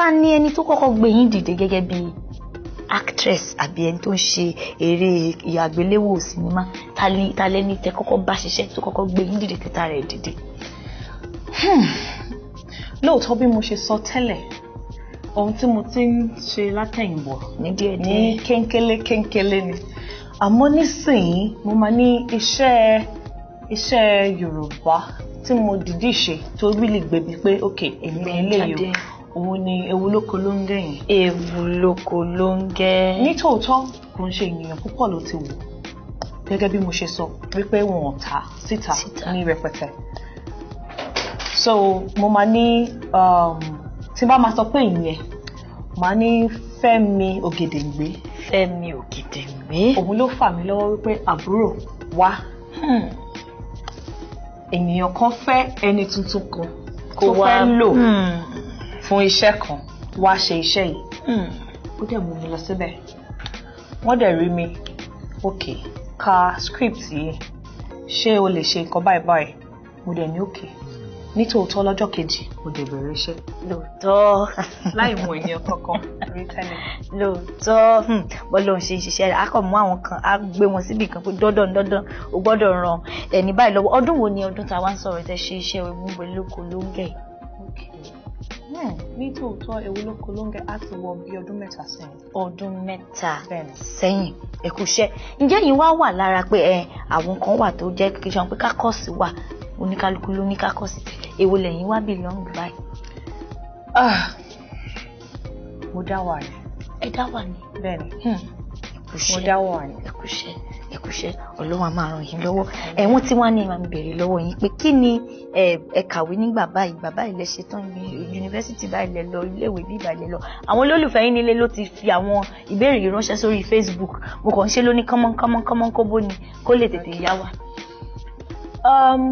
ká ní ẹni tó kọ́kọ́ gbé yín dìde gẹ́gẹ́ bí actress àbí ẹni tó ń ṣe eré ìyàgbéléwò sinimá ta lẹni tẹ kọ́kọ́ bá ṣiṣẹ́ tó kọ́kọ́ gbé yín dìde tẹ́ta rẹ̀ dìde. Hmm. lóòótọ́ bí mo ṣe sọ tẹ́lẹ̀ ohun tí mo ti ń ṣe látẹ̀yìnbọ̀ ní díẹ̀ ní kéńkélé kéńkélé ni àmọ́ nísìnyí mo máa ní iṣẹ́ iṣẹ́ Yorùbá tí mo dìdí ṣe tó lè gbèbí pé ok èmi ni eléyìí òun ni ewu lóko ló ń gẹ̀ yẹn. ewu lóko ló ń gẹ̀. nítòótọ́ kò ń ṣe ènìyàn púpọ̀ ló ti wò gẹ́gẹ́ bí mo ṣe sọ wípé wọn ò ta síta ní rẹpẹtẹ so mo máa ní um, tí n bá máa sọ pé ìyẹn màá ní Fẹ́mi Ògèdèǹgbé. Fẹ́mi Ògèdèǹgbé. òun ló fà mí lọ́wọ́ wípé àbúrò wá hmm. ènìyàn kan fẹ́ ẹni tuntun kan tó fẹ́ lò hmm fún iṣẹ́ kan wá ṣe iṣẹ́ yìí hmm. ó dẹ̀ mú mi lọ síbẹ̀ wọ́n dẹ̀ rí mi ok ka script yìí ṣé o lè ṣe nǹkan báyìí báyìí mo dẹ̀ ní òkè nítòótọ́ lọ́jọ́ kejì mo dẹ̀ bẹ̀rẹ̀ iṣẹ́. lóòótọ́ láì mọ ènìyàn kankan rí tẹ́lẹ̀. lóòótọ́ hmm. bọ́lá òun ṣe ń ṣiṣẹ́ rẹ̀ a kàn mú àwọn kan a gbé wọn síbi kan pé dandan dandan o gbọ́dọ̀ ran ẹni báyìí lọ́wọ́ ọdún wo ni ọdún tá a wá ń sọ̀rọ̀ tẹ́ ṣe iṣẹ́ ìmúgbẹ́lóko ló ń gẹ̀. Hmm, ní tòótọ́ ewu ló kolóńgẹ á ti wọ bí ọdún mẹ́ta sẹ́yìn. ọdún mẹ́ta sẹ́yìn ẹ̀kúṣẹ́ ǹjẹ́ yìí wá wà lára pé ẹ àwọn kan wà tó jẹ́ kí sọ pé kákọ́ọ̀sì wà oníkálukú ló ní kákọ́ọ̀sì èwo lẹ́yìn wá bí lọ́n báyìí. Ah, mo dá wà ní. ẹ dá wà ní. bẹ́ẹ̀ni hmm, mo dá wà ní. ẹ̀kúṣẹ́ ẹkúṣẹ́ Ọlọ́run á máa ràn yín lọ́wọ́ ẹ wọ́n ti wá ní màmí béèrè lọ́wọ́ yín pé kí ni ẹ kàwé nígbà báyìí bàbá ilẹ̀ ṣe tán yunifásitì báyìí lẹ lọ iléèwé bí ìbàlẹ̀ lọ àwọn olólùfẹ́ yín nílé ló ti fi àwọn ìbéèrè yìí ránṣẹ́ sórí Facebook mo kàn ń ṣe lóní kánmọ́n kánmọ́n kánmọ́n kó bó ni kó lè tètè yá wa. Um,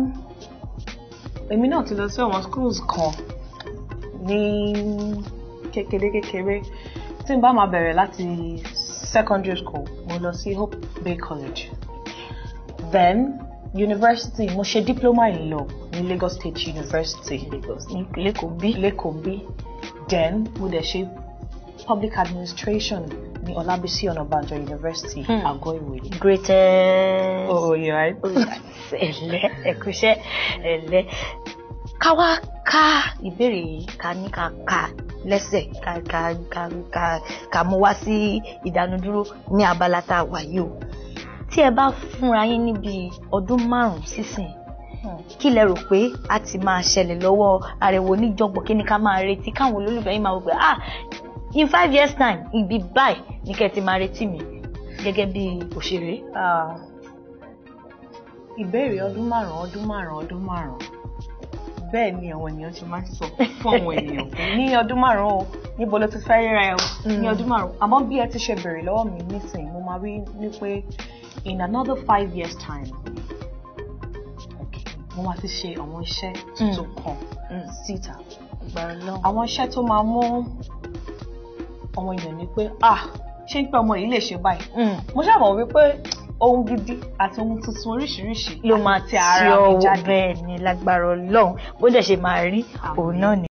èmi náà ti lọ sí àwọn schools kan ní kékeré kékeré tí n bá máa bẹ̀rẹ̀ láti secondary school mo lọ sí Hope Bay College then university mo ṣe diploma in law ní Lagos State University lẹ́kọ̀ọ́ bí lẹ́kọ̀ọ́ bí then mo dẹ̀ ṣe public administration ní Ọlábísí Ọ̀nàbànjọ University hmm. Àgọ́ Ìwòye. greatest oye oh, right. Oh, ẹlẹ ẹkúṣẹ́ ẹlẹ káwá ká ìbéèrè yìí ká ní ká ká lẹ́sẹ̀ ká ka ka ka ka mú wá sí ìdánudúró ní abala tá a wà yìí o tí ẹ bá fúnra yín níbi ọdún márùn sísìn hmm. kí lẹ rò pé a ti máa ṣẹlẹ̀ lọ́wọ́ ariwo níjọ̀gbọ̀n kí ni ká máa retí káwọn olólùfẹ́ yín máa wò pé ah in five years time ibi báyìí ni kẹ́ ti máa retí mi gẹ́gẹ́ bí òṣèré. Ah, ìbéèrè ọdún márùn ọdún márùn ọdún márùn bẹ́ẹ̀ ni àwọn ènìyàn ṣe máa ń sọ fún àwọn ènìyàn ní ọdún márùn-ún níbo ló ti fẹ́ ríra ẹ o ní mm. ọdún márùn-ún àmọ́ bí ẹ ti ṣe bèrè lọ́wọ́ mi nísìn mo máa wí ní pé in another five years time mo máa ti ṣe àwọn iṣẹ́ tuntun mm. kan mm. síta àwọn iṣẹ́ tó máa mú ọmọ ènìyàn ní pé ah ṣé ń pẹ́ ọmọ yìí lè ṣe báyìí mo ṣàmọ̀ wípé ohun gidi àti ohun tuntun oríṣiríṣi ló máa ti ara mi jáde. àti ọwọ́ bẹ́ẹ̀ ni lágbára Ọlọ́run bó dẹ̀ ṣe máa rí òun náà ni.